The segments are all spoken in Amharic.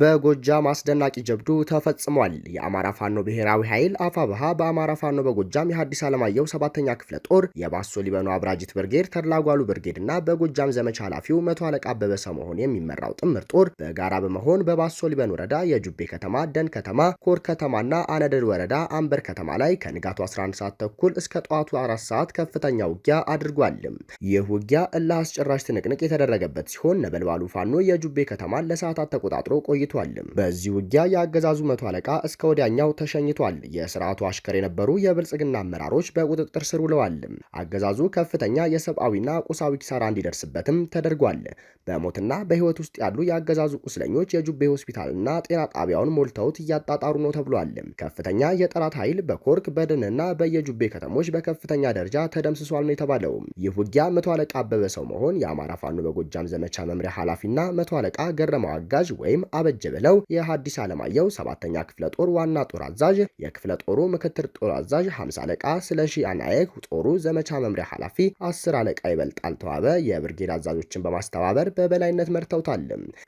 በጎጃም አስደናቂ ጀብዱ ተፈጽሟል። የአማራ ፋኖ ብሔራዊ ኃይል አፋብሃ በአማራ ፋኖ በጎጃም የሐዲስ ዓለማየሁ ሰባተኛ ክፍለ ጦር የባሶ ሊበኑ አብራጅት ብርጌድ፣ ተድላጓሉ ብርጌድ እና በጎጃም ዘመቻ ኃላፊው መቶ አለቃ አበበ ሰመሆን የሚመራው ጥምር ጦር በጋራ በመሆን በባሶ ሊበን ወረዳ የጁቤ ከተማ፣ ደን ከተማ፣ ኮር ከተማና አነደድ ወረዳ አንበር ከተማ ላይ ከንጋቱ 11 ሰዓት ተኩል እስከ ጠዋቱ 4 ሰዓት ከፍተኛ ውጊያ አድርጓል። ይህ ውጊያ እልህ አስጨራሽ ትንቅንቅ የተደረገበት ሲሆን ነበልባሉ ፋኖ የጁቤ ከተማን ለሰዓታት ተቆጣጥሮ ቆይ ቆይቷል። በዚህ ውጊያ የአገዛዙ መቶ አለቃ እስከ ወዲያኛው ተሸኝቷል። የስርዓቱ አሽከር የነበሩ የብልጽግና አመራሮች በቁጥጥር ስር ውለዋል። አገዛዙ ከፍተኛ የሰብአዊና ቁሳዊ ኪሳራ እንዲደርስበትም ተደርጓል። በሞትና በህይወት ውስጥ ያሉ የአገዛዙ ቁስለኞች የጁቤ ሆስፒታልና ጤና ጣቢያውን ሞልተውት እያጣጣሩ ነው ተብሏል። ከፍተኛ የጠላት ኃይል በኮርክ በደንና በየጁቤ ከተሞች በከፍተኛ ደረጃ ተደምስሷል ነው የተባለው። ይህ ውጊያ መቶ አለቃ አበበ ሰው መሆን የአማራ ፋኖ በጎጃም ዘመቻ መምሪያ ኃላፊና መቶ አለቃ ገረመው አጋዥ ወይም አበ አበጀ ብለው የሐዲስ ዓለማየሁ ሰባተኛ ክፍለ ጦር ዋና ጦር አዛዥ፣ የክፍለ ጦሩ ምክትል ጦር አዛዥ 50 አለቃ ስለሺ አናየክ፣ ጦሩ ዘመቻ መምሪያ ኃላፊ አስር አለቃ ይበልጣል ተዋበ የብርጌድ አዛዦችን በማስተባበር በበላይነት መርተውታል።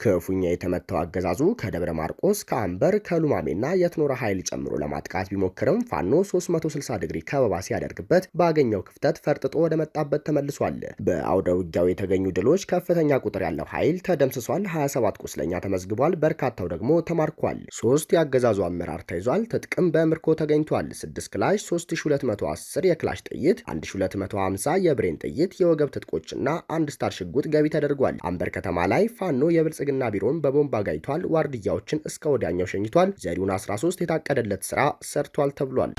ክፉኛ የተመታው አገዛዙ ከደብረ ማርቆስ ከአምበር ከሉማሜና የትኖራ ኃይል ጨምሮ ለማጥቃት ቢሞክርም ፋኖ 360 ዲግሪ ከበባ ሲያደርግበት ባገኘው ክፍተት ፈርጥጦ ወደ መጣበት ተመልሷል። በአውደ ውጊያው የተገኙ ድሎች ከፍተኛ ቁጥር ያለው ኃይል ተደምስሷል። 27 ቁስለኛ ተመዝግቧል። በርካታው ደግሞ ተማርኳል። ሶስት የአገዛዙ አመራር ተይዟል። ትጥቅም በምርኮ ተገኝቷል። ስድስት ክላሽ 3210 የክላሽ ጥይት፣ 1250 የብሬን ጥይት፣ የወገብ ትጥቆችና አንድ ስታር ሽጉጥ ገቢ ተደርጓል። አንበር ከተማ ላይ ፋኖ የብልጽግና ቢሮን በቦምብ አጋይቷል። ዋርድያዎችን እስከ ወዲያኛው ሸኝቷል። ዘሪሁን 13 የታቀደለት ስራ ሰርቷል ተብሏል።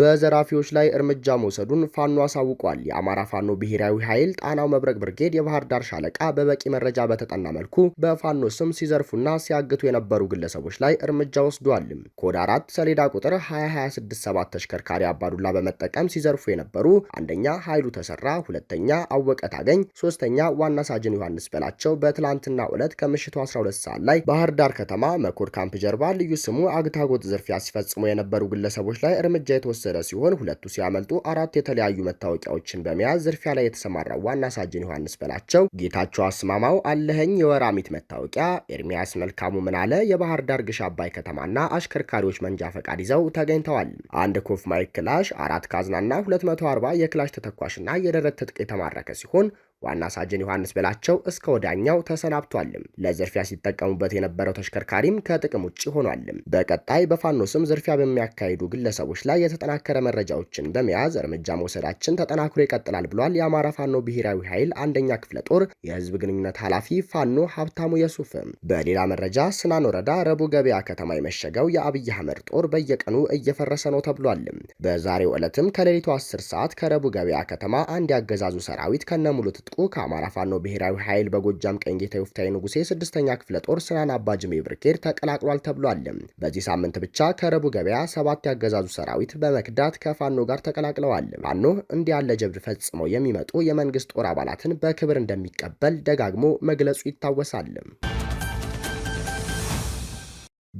በዘራፊዎች ላይ እርምጃ መውሰዱን ፋኖ አሳውቋል። የአማራ ፋኖ ብሔራዊ ኃይል ጣናው መብረቅ ብርጌድ የባህር ዳር ሻለቃ በበቂ መረጃ በተጠና መልኩ በፋኖ ስም ሲዘርፉና ሲያግቱ የነበሩ ግለሰቦች ላይ እርምጃ ወስዷል። ኮድ አራት ሰሌዳ ቁጥር 2267 ተሽከርካሪ አባዱላ በመጠቀም ሲዘርፉ የነበሩ አንደኛ ኃይሉ ተሰራ፣ ሁለተኛ አወቀ ታገኝ፣ ሶስተኛ ዋና ሳጅን ዮሐንስ በላቸው በትላንትና ዕለት ከምሽቱ 12 ሰዓት ላይ ባህር ዳር ከተማ መኮድ ካምፕ ጀርባ ልዩ ስሙ አግታጎት ዝርፊያ ሲፈጽሙ የነበሩ ግለሰቦች ላይ እርምጃ የተወሰደ የታሰረ ሲሆን ሁለቱ ሲያመልጡ አራት የተለያዩ መታወቂያዎችን በመያዝ ዝርፊያ ላይ የተሰማራው ዋና ሳጅን ዮሐንስ በላቸው፣ ጌታቸው አስማማው አለኸኝ የወራሚት መታወቂያ፣ ኤርሚያስ መልካሙ ምናለ የባህር ዳር ግሽ አባይ ከተማና አሽከርካሪዎች መንጃ ፈቃድ ይዘው ተገኝተዋል። አንድ ኮፍ ማይክ ክላሽ፣ አራት ካዝናና 240 የክላሽ ተተኳሽና የደረት ትጥቅ የተማረከ ሲሆን ዋና ሳጅን ዮሐንስ በላቸው እስከ ወዳኛው ተሰናብቷልም። ለዝርፊያ ሲጠቀሙበት የነበረው ተሽከርካሪም ከጥቅም ውጭ ሆኗልም። በቀጣይ በፋኖ ስም ዝርፊያ በሚያካሂዱ ግለሰቦች ላይ የተጠናከረ መረጃዎችን በመያዝ እርምጃ መውሰዳችን ተጠናክሮ ይቀጥላል ብሏል። የአማራ ፋኖ ብሔራዊ ኃይል አንደኛ ክፍለ ጦር የህዝብ ግንኙነት ኃላፊ ፋኖ ሀብታሙ የሱፍ። በሌላ መረጃ ስናን ወረዳ ረቡ ገበያ ከተማ የመሸገው የአብይ አህመድ ጦር በየቀኑ እየፈረሰ ነው ተብሏልም። በዛሬው ዕለትም ከሌሊቱ 10 ሰዓት ከረቡ ገበያ ከተማ አንድ ያገዛዙ ሰራዊት ከነሙሉ እጥቁ ከአማራ ፋኖ ብሔራዊ ኃይል በጎጃም ቀኝጌታ ይፍታዬ ንጉሴ ስድስተኛ ክፍለ ጦር ስናን አባጅሜ ብርጌድ ተቀላቅሏል ተብሏል። በዚህ ሳምንት ብቻ ከረቡ ገበያ ሰባት ያገዛዙ ሰራዊት በመክዳት ከፋኖ ጋር ተቀላቅለዋል። ፋኖ እንዲህ ያለ ጀብድ ፈጽመው የሚመጡ የመንግስት ጦር አባላትን በክብር እንደሚቀበል ደጋግሞ መግለጹ ይታወሳል።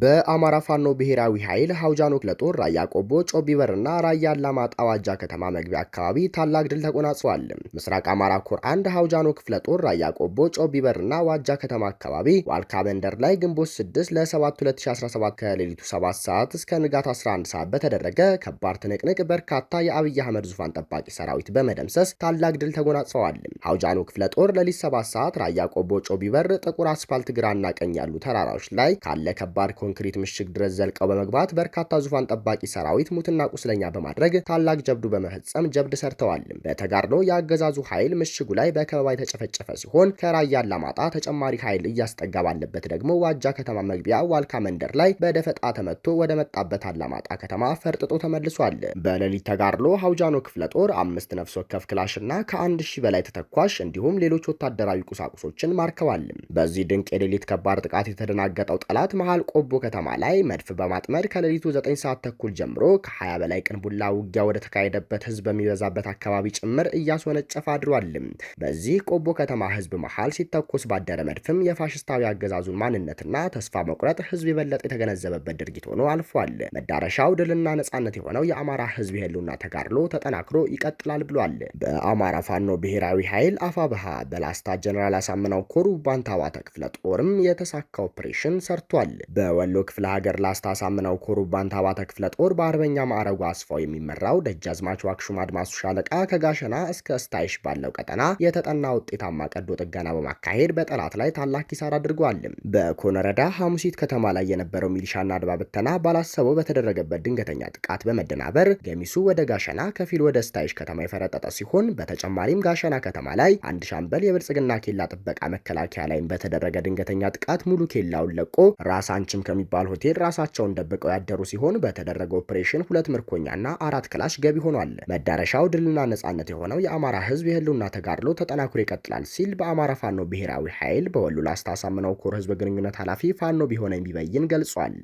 በአማራ ፋኖ ብሔራዊ ኃይል ሀውጃኖ ክፍለጦር ራያ ቆቦ ጮቢበርና ራያ አላማጣ ዋጃ ከተማ መግቢያ አካባቢ ታላቅ ድል ተጎናጽዋል። ምስራቅ አማራ ኮር አንድ ሀውጃኖ ክፍለጦር ራያ ቆቦ ጮቢበርና ዋጃ ከተማ አካባቢ ዋልካ መንደር ላይ ግንቦት 6 ለ7 2017 ከሌሊቱ 7 ሰዓት እስከ ንጋት 11 ሰዓት በተደረገ ከባድ ትንቅንቅ በርካታ የአብይ አህመድ ዙፋን ጠባቂ ሰራዊት በመደምሰስ ታላቅ ድል ተጎናጽፈዋል። ሀውጃኖ ክፍለጦር ሌሊት 7 ሰዓት ራያ ቆቦ ጮቢበር ጥቁር አስፋልት ግራና ቀኝ ያሉ ተራራዎች ላይ ካለ ከባድ ኮንክሪት ምሽግ ድረስ ዘልቀው በመግባት በርካታ ዙፋን ጠባቂ ሰራዊት ሙትና ቁስለኛ በማድረግ ታላቅ ጀብዱ በመፈጸም ጀብድ ሰርተዋል። በተጋድሎ የአገዛዙ ኃይል ምሽጉ ላይ በከበባ የተጨፈጨፈ ሲሆን ከራያ አላማጣ ተጨማሪ ኃይል እያስጠጋ ባለበት ደግሞ ዋጃ ከተማ መግቢያ ዋልካ መንደር ላይ በደፈጣ ተመቶ ወደ መጣበት አላማጣ ከተማ ፈርጥጦ ተመልሷል። በሌሊት ተጋድሎ ሀውጃኖ ክፍለ ጦር አምስት ነፍስ ወከፍ ክላሽ ከአንድ ሺህ በላይ ተተኳሽ እንዲሁም ሌሎች ወታደራዊ ቁሳቁሶችን ማርከዋል። በዚህ ድንቅ የሌሊት ከባድ ጥቃት የተደናገጠው ጠላት መሃል ቆቦ ቆቦ ከተማ ላይ መድፍ በማጥመድ ከሌሊቱ 9 ሰዓት ተኩል ጀምሮ ከ20 በላይ ቅንቡላ ውጊያ ወደ ተካሄደበት ህዝብ በሚበዛበት አካባቢ ጭምር እያስወነጨፈ አድሯል። በዚህ ቆቦ ከተማ ህዝብ መሃል ሲተኮስ ባደረ መድፍም የፋሽስታዊ አገዛዙን ማንነትና ተስፋ መቁረጥ ህዝብ የበለጠ የተገነዘበበት ድርጊት ሆኖ አልፏል። መዳረሻው ድልና ነጻነት የሆነው የአማራ ህዝብ የህልውና ተጋድሎ ተጠናክሮ ይቀጥላል ብሏል። በአማራ ፋኖ ብሔራዊ ኃይል አፋብሃ በላስታ ጀኔራል አሳምነው ኮሩ ባንታባተ ክፍለ ጦርም የተሳካ ኦፕሬሽን ሰርቷል። የወሎ ክፍለ ሀገር ላስታ ሳምናው ኮሩባን ታባተ ክፍለ ጦር በአርበኛ ማዕረጉ አስፋው የሚመራው ደጃዝማች ዋክሹም አድማሱ ሻለቃ ከጋሸና እስከ ስታይሽ ባለው ቀጠና የተጠና ውጤታማ ቀዶ ጥገና በማካሄድ በጠላት ላይ ታላቅ ኪሳራ አድርጓል። በኮነረዳ ሐሙሲት ከተማ ላይ የነበረው ሚሊሻና አድባ ብተና ባላሰበው በተደረገበት ድንገተኛ ጥቃት በመደናበር ገሚሱ ወደ ጋሸና ከፊል ወደ ስታይሽ ከተማ የፈረጠጠ ሲሆን በተጨማሪም ጋሸና ከተማ ላይ አንድ ሻምበል የብልጽግና ኬላ ጥበቃ መከላከያ ላይም በተደረገ ድንገተኛ ጥቃት ሙሉ ኬላውን ለቆ ራስ አንችም ከሚባል ሆቴል ራሳቸውን ደብቀው ያደሩ ሲሆን በተደረገው ኦፕሬሽን ሁለት ምርኮኛና አራት ክላሽ ገቢ ሆኗል። መዳረሻው ድልና ነጻነት የሆነው የአማራ ህዝብ የህልውና ተጋድሎ ተጠናክሮ ይቀጥላል ሲል በአማራ ፋኖ ብሔራዊ ኃይል በወሎ ላስታ አሳምነው ኮር ህዝብ ግንኙነት ኃላፊ ፋኖ ቢሆነ የሚበይን ገልጿል።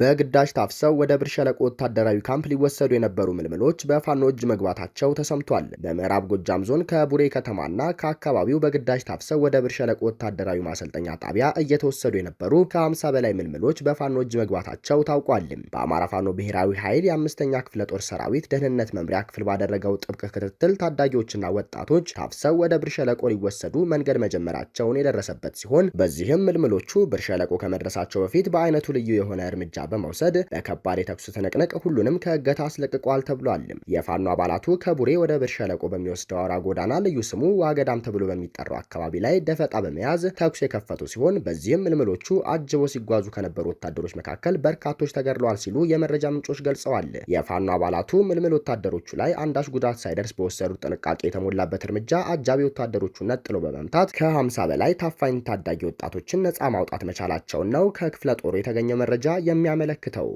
በግዳጅ ታፍሰው ወደ ብር ሸለቆ ወታደራዊ ካምፕ ሊወሰዱ የነበሩ ምልምሎች በፋኖ እጅ መግባታቸው ተሰምቷል። በምዕራብ ጎጃም ዞን ከቡሬ ከተማና ከአካባቢው በግዳጅ ታፍሰው ወደ ብር ሸለቆ ወታደራዊ ማሰልጠኛ ጣቢያ እየተወሰዱ የነበሩ ከ50 በላይ ምልምሎች በፋኖ እጅ መግባታቸው ታውቋል። በአማራ ፋኖ ብሔራዊ ኃይል የአምስተኛ ክፍለ ጦር ሰራዊት ደህንነት መምሪያ ክፍል ባደረገው ጥብቅ ክትትል ታዳጊዎችና ወጣቶች ታፍሰው ወደ ብር ሸለቆ ሊወሰዱ መንገድ መጀመራቸውን የደረሰበት ሲሆን በዚህም ምልምሎቹ ብር ሸለቆ ከመድረሳቸው በፊት በአይነቱ ልዩ የሆነ እርምጃ በመውሰድ በከባድ የተኩስ ትንቅንቅ ሁሉንም ከእገታ አስለቅቋል ተብሏል። የፋኖ አባላቱ ከቡሬ ወደ ብር ሸለቆ በሚወስደው አውራ ጎዳና ልዩ ስሙ ዋገዳም ተብሎ በሚጠራው አካባቢ ላይ ደፈጣ በመያዝ ተኩስ የከፈቱ ሲሆን በዚህም ምልምሎቹ አጅቦ ሲጓዙ ከነበሩ ወታደሮች መካከል በርካቶች ተገድለዋል ሲሉ የመረጃ ምንጮች ገልጸዋል። የፋኖ አባላቱ ምልምል ወታደሮቹ ላይ አንዳች ጉዳት ሳይደርስ በወሰዱት ጥንቃቄ የተሞላበት እርምጃ አጃቢ ወታደሮቹን ነጥሎ በመምታት ከ50 በላይ ታፋኝ ታዳጊ ወጣቶችን ነፃ ማውጣት መቻላቸውን ነው ከክፍለ ጦሩ የተገኘ መረጃ የሚያ የሚያመለክተው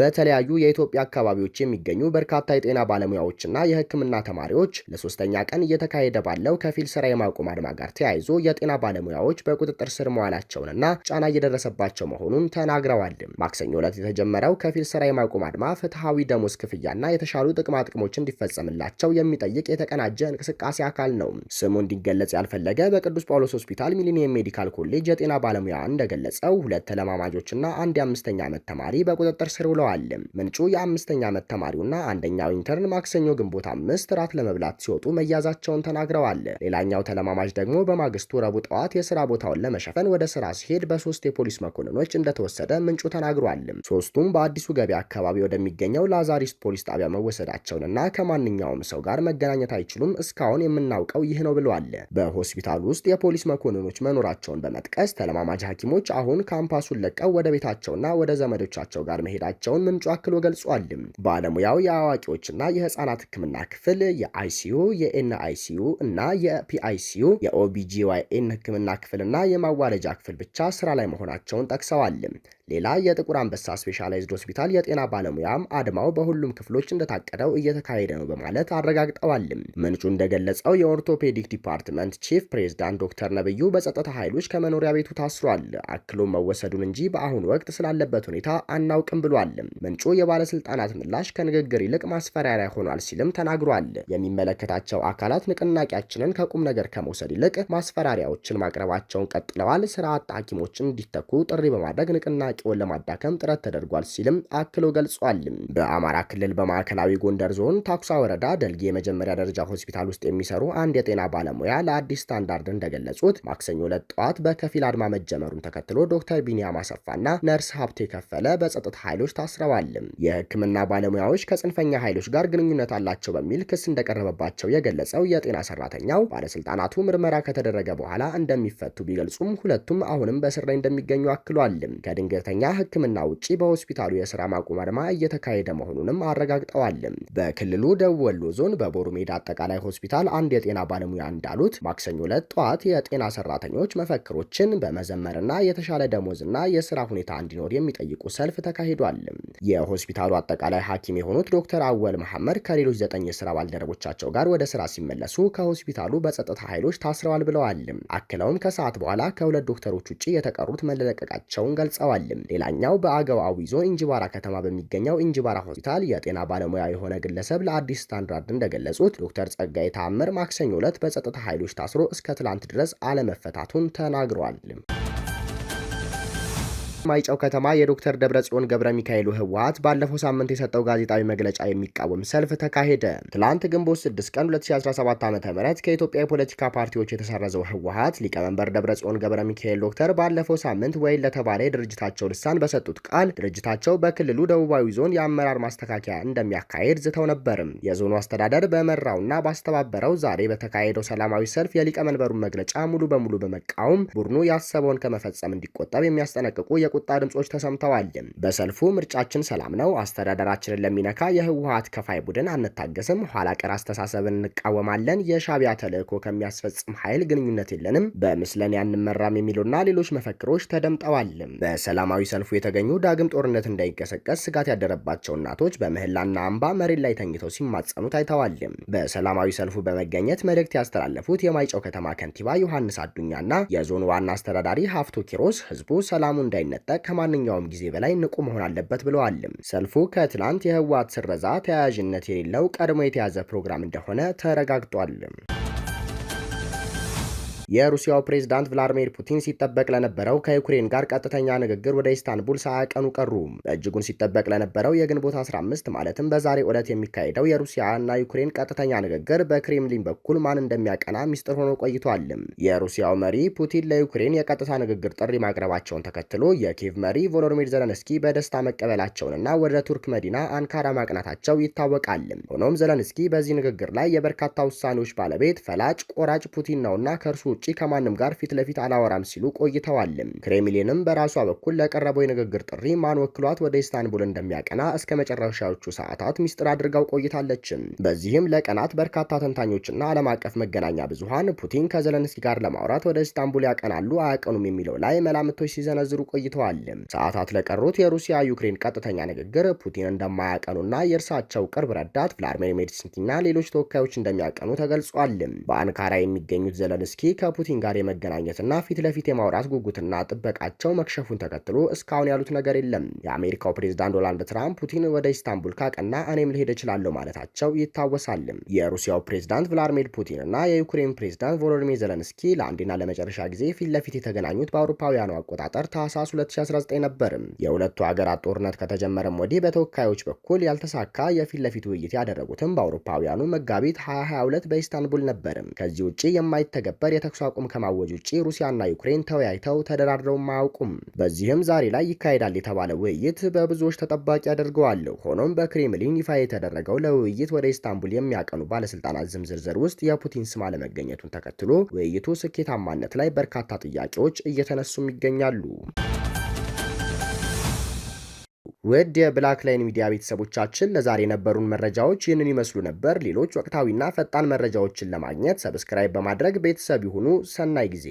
በተለያዩ የኢትዮጵያ አካባቢዎች የሚገኙ በርካታ የጤና ባለሙያዎችና የሕክምና ተማሪዎች ለሶስተኛ ቀን እየተካሄደ ባለው ከፊል ስራ የማቆም አድማ ጋር ተያይዞ የጤና ባለሙያዎች በቁጥጥር ስር መዋላቸውንና ጫና እየደረሰባቸው መሆኑን ተናግረዋል። ማክሰኞ ዕለት የተጀመረው ከፊል ስራ የማቆም አድማ ፍትሐዊ ደሞዝ ክፍያና የተሻሉ ጥቅማ ጥቅሞች እንዲፈጸምላቸው የሚጠይቅ የተቀናጀ እንቅስቃሴ አካል ነው። ስሙ እንዲገለጽ ያልፈለገ በቅዱስ ጳውሎስ ሆስፒታል ሚሊኒየም ሜዲካል ኮሌጅ የጤና ባለሙያ እንደገለጸው ሁለት ተለማማጆችና አንድ የአምስተኛ ዓመት ተማሪ በቁጥጥር ስር ውለው ብለዋል። ምንጩ የአምስተኛ ዓመት ተማሪውና አንደኛው ኢንተርን ማክሰኞ ግንቦት አምስት ራት ለመብላት ሲወጡ መያዛቸውን ተናግረዋል። ሌላኛው ተለማማጅ ደግሞ በማግስቱ ረቡዕ ጠዋት የስራ ቦታውን ለመሸፈን ወደ ስራ ሲሄድ በሶስት የፖሊስ መኮንኖች እንደተወሰደ ምንጩ ተናግሯል። ሶስቱም በአዲሱ ገበያ አካባቢ ወደሚገኘው ላዛሪስት ፖሊስ ጣቢያ መወሰዳቸውንና ከማንኛውም ሰው ጋር መገናኘት አይችሉም፣ እስካሁን የምናውቀው ይህ ነው ብለዋል። በሆስፒታል ውስጥ የፖሊስ መኮንኖች መኖራቸውን በመጥቀስ ተለማማጅ ሐኪሞች አሁን ካምፓሱን ለቀው ወደ ቤታቸውና ወደ ዘመዶቻቸው ጋር መሄዳቸው መሆናቸውን ምንጩ አክሎ ገልጿል። ባለሙያው የአዋቂዎችና የህፃናት ህክምና ክፍል የአይሲዩ፣ የኤንአይሲዩ እና የፒአይሲዩ የኦቢጂዋይኤን ህክምና ክፍልና የማዋለጃ ክፍል ብቻ ስራ ላይ መሆናቸውን ጠቅሰዋል። ሌላ የጥቁር አንበሳ ስፔሻላይዝድ ሆስፒታል የጤና ባለሙያም አድማው በሁሉም ክፍሎች እንደታቀደው እየተካሄደ ነው በማለት አረጋግጠዋል። ምንጩ እንደገለጸው የኦርቶፔዲክ ዲፓርትመንት ቺፍ ፕሬዝዳንት ዶክተር ነብዩ በጸጥታ ኃይሎች ከመኖሪያ ቤቱ ታስሯል፣ አክሎ መወሰዱን እንጂ በአሁኑ ወቅት ስላለበት ሁኔታ አናውቅም ብሏል። ምንጩ የባለስልጣናት ምላሽ ከንግግር ይልቅ ማስፈራሪያ ሆኗል ሲልም ተናግሯል። የሚመለከታቸው አካላት ንቅናቄያችንን ከቁም ነገር ከመውሰድ ይልቅ ማስፈራሪያዎችን ማቅረባቸውን ቀጥለዋል። ስርዓት ሐኪሞችን እንዲተኩ ጥሪ በማድረግ ንቅናቄ አጥቂውን ለማዳከም ጥረት ተደርጓል ሲልም አክሎ ገልጿል። በአማራ ክልል በማዕከላዊ ጎንደር ዞን ታኩሳ ወረዳ ደልጌ የመጀመሪያ ደረጃ ሆስፒታል ውስጥ የሚሰሩ አንድ የጤና ባለሙያ ለአዲስ ስታንዳርድ እንደገለጹት ማክሰኞ ዕለት ጠዋት በከፊል አድማ መጀመሩን ተከትሎ ዶክተር ቢኒያም አሰፋና ነርስ ሀብቴ ከፈለ በጸጥታ ኃይሎች ታስረዋል። የህክምና ባለሙያዎች ከጽንፈኛ ኃይሎች ጋር ግንኙነት አላቸው በሚል ክስ እንደቀረበባቸው የገለጸው የጤና ሰራተኛው ባለስልጣናቱ ምርመራ ከተደረገ በኋላ እንደሚፈቱ ቢገልጹም ሁለቱም አሁንም በእስር ላይ እንደሚገኙ አክሏል። ከድንገተ በድንገተኛ ሕክምና ውጪ በሆስፒታሉ የስራ ማቆም አድማ እየተካሄደ መሆኑንም አረጋግጠዋል። በክልሉ ደቡብ ወሎ ዞን በቦሩ ሜዳ አጠቃላይ ሆስፒታል አንድ የጤና ባለሙያ እንዳሉት ማክሰኞ ዕለት ጠዋት የጤና ሰራተኞች መፈክሮችን በመዘመርና የተሻለ ደሞዝና የስራ ሁኔታ እንዲኖር የሚጠይቁ ሰልፍ ተካሂዷል። የሆስፒታሉ አጠቃላይ ሐኪም የሆኑት ዶክተር አወል መሐመድ ከሌሎች ዘጠኝ የስራ ባልደረቦቻቸው ጋር ወደ ስራ ሲመለሱ ከሆስፒታሉ በጸጥታ ኃይሎች ታስረዋል ብለዋል። አክለውም ከሰዓት በኋላ ከሁለት ዶክተሮች ውጭ የተቀሩት መለቀቃቸውን ገልጸዋል። አይደለም። ሌላኛው በአገው ይዞ እንጅባራ ከተማ በሚገኘው እንጅባራ ሆስፒታል የጤና ባለሙያ የሆነ ግለሰብ ለአዲስ ስታንዳርድ እንደገለጹት ዶክተር ጸጋይ ታምር ማክሰኞ ዕለት በጸጥታ ኃይሎች ታስሮ እስከ ትላንት ድረስ አለመፈታቱን ተናግረዋል። ማይጨው ከተማ የዶክተር ደብረጽዮን ገብረ ሚካኤሉ ህወሀት ባለፈው ሳምንት የሰጠው ጋዜጣዊ መግለጫ የሚቃወም ሰልፍ ተካሄደ። ትላንት ግንቦት 6 ቀን 2017 ዓ ም ከኢትዮጵያ የፖለቲካ ፓርቲዎች የተሰረዘው ህወሀት ሊቀመንበር ደብረጽዮን ገብረ ሚካኤል ዶክተር ባለፈው ሳምንት ወይን ለተባለ የድርጅታቸው ልሳን በሰጡት ቃል ድርጅታቸው በክልሉ ደቡባዊ ዞን የአመራር ማስተካከያ እንደሚያካሄድ ዝተው ነበርም። የዞኑ አስተዳደር በመራውና ባስተባበረው ዛሬ በተካሄደው ሰላማዊ ሰልፍ የሊቀመንበሩን መግለጫ ሙሉ በሙሉ በመቃወም ቡድኑ ያሰበውን ከመፈጸም እንዲቆጠብ የሚያስጠነቅቁ የቁጣ ድምጾች ተሰምተዋል። በሰልፉ ምርጫችን ሰላም ነው፣ አስተዳደራችንን ለሚነካ የህወሀት ከፋይ ቡድን አንታገስም፣ ኋላ ቀር አስተሳሰብን እንቃወማለን፣ የሻቢያ ተልእኮ ከሚያስፈጽም ኃይል ግንኙነት የለንም፣ በምስለን አንመራም የሚሉና ሌሎች መፈክሮች ተደምጠዋል። በሰላማዊ ሰልፉ የተገኙ ዳግም ጦርነት እንዳይቀሰቀስ ስጋት ያደረባቸው እናቶች በምህላና አምባ መሬት ላይ ተኝተው ሲማጸኑ ታይተዋል። በሰላማዊ ሰልፉ በመገኘት መልእክት ያስተላለፉት የማይጨው ከተማ ከንቲባ ዮሐንስ አዱኛና የዞኑ ዋና አስተዳዳሪ ሀፍቶ ኪሮስ ህዝቡ ሰላሙ እንዳይነት ሲጠበቅ ከማንኛውም ጊዜ በላይ ንቁ መሆን አለበት ብለዋል። ሰልፉ ከትላንት የህወሓት ስረዛ ተያያዥነት የሌለው ቀድሞ የተያዘ ፕሮግራም እንደሆነ ተረጋግጧል። የሩሲያው ፕሬዝዳንት ቭላዲሚር ፑቲን ሲጠበቅ ለነበረው ከዩክሬን ጋር ቀጥተኛ ንግግር ወደ ኢስታንቡል ሳያቀኑ ቀሩ። በእጅጉን ሲጠበቅ ለነበረው የግንቦት 15 ማለትም በዛሬ ዕለት የሚካሄደው የሩሲያ እና ዩክሬን ቀጥተኛ ንግግር በክሬምሊን በኩል ማን እንደሚያቀና ሚስጥር ሆኖ ቆይቷል። የሩሲያው መሪ ፑቲን ለዩክሬን የቀጥታ ንግግር ጥሪ ማቅረባቸውን ተከትሎ የኪየቭ መሪ ቮሎዲሚር ዘለንስኪ በደስታ መቀበላቸውንና ወደ ቱርክ መዲና አንካራ ማቅናታቸው ይታወቃል። ሆኖም ዘለንስኪ በዚህ ንግግር ላይ የበርካታ ውሳኔዎች ባለቤት ፈላጭ ቆራጭ ፑቲን ነውና ከእርሱ ውጪ ከማንም ጋር ፊት ለፊት አላወራም ሲሉ ቆይተዋል። ክሬምሊንም በራሷ በኩል ለቀረበው የንግግር ጥሪ ማን ወክሏት ወደ ኢስታንቡል እንደሚያቀና እስከ መጨረሻዎቹ ሰዓታት ሚስጥር አድርገው ቆይታለች። በዚህም ለቀናት በርካታ ተንታኞችና ዓለም አቀፍ መገናኛ ብዙሃን ፑቲን ከዘለንስኪ ጋር ለማውራት ወደ ኢስታንቡል ያቀናሉ አያቀኑም የሚለው ላይ መላምቶች ሲዘነዝሩ ቆይተዋል። ሰዓታት ለቀሩት የሩሲያ ዩክሬን ቀጥተኛ ንግግር ፑቲን እንደማያቀኑና የእርሳቸው ቅርብ ረዳት ቭላድሚር ሜዲንስኪና ሌሎች ተወካዮች እንደሚያቀኑ ተገልጿል። በአንካራ የሚገኙት ዘለንስኪ ከ ከፑቲን ጋር የመገናኘትና ፊት ለፊት የማውራት ጉጉትና ጥበቃቸው መክሸፉን ተከትሎ እስካሁን ያሉት ነገር የለም። የአሜሪካው ፕሬዝዳንት ዶናልድ ትራምፕ ፑቲን ወደ ኢስታንቡል ካቀና እኔም ልሄድ እችላለሁ ማለታቸው ይታወሳል። የሩሲያው ፕሬዝዳንት ቭላድሚር ፑቲን እና የዩክሬን ፕሬዝዳንት ቮሎዲሚር ዘለንስኪ ለአንዴና ለመጨረሻ ጊዜ ፊት ለፊት የተገናኙት በአውሮፓውያኑ አቆጣጠር ታህሳስ 2019 ነበር። የሁለቱ ሀገራት ጦርነት ከተጀመረም ወዲህ በተወካዮች በኩል ያልተሳካ የፊት ለፊት ውይይት ያደረጉትም በአውሮፓውያኑ መጋቢት 2022 በኢስታንቡል ነበር። ከዚህ ውጭ የማይተገበር የተ የተኩስ አቁም ከማወጅ ውጭ ሩሲያና ዩክሬን ተወያይተው ተደራድረው አያውቁም። በዚህም ዛሬ ላይ ይካሄዳል የተባለ ውይይት በብዙዎች ተጠባቂ አድርገዋል። ሆኖም በክሬምሊን ይፋ የተደረገው ለውይይት ወደ ኢስታንቡል የሚያቀኑ ባለስልጣናት ዝም ዝርዝር ውስጥ የፑቲን ስም አለመገኘቱን ተከትሎ ውይይቱ ስኬታማነት ላይ በርካታ ጥያቄዎች እየተነሱም ይገኛሉ። ውድ የብላክ ላይን ሚዲያ ቤተሰቦቻችን ለዛሬ የነበሩን መረጃዎች ይህንን ይመስሉ ነበር። ሌሎች ወቅታዊና ፈጣን መረጃዎችን ለማግኘት ሰብስክራይብ በማድረግ ቤተሰብ ይሁኑ። ሰናይ ጊዜ